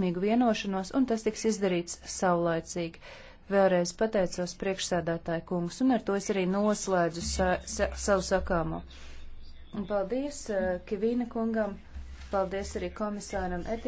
veiksmīgu vienošanos, un tas tiks izdarīts saulaicīgi. Vēlreiz pateicos priekšsēdētāju kungs, un ar to es arī noslēdzu sa sa savu sakāmo. Un paldies uh, Kivīna kungam, paldies arī komisāram Etingam.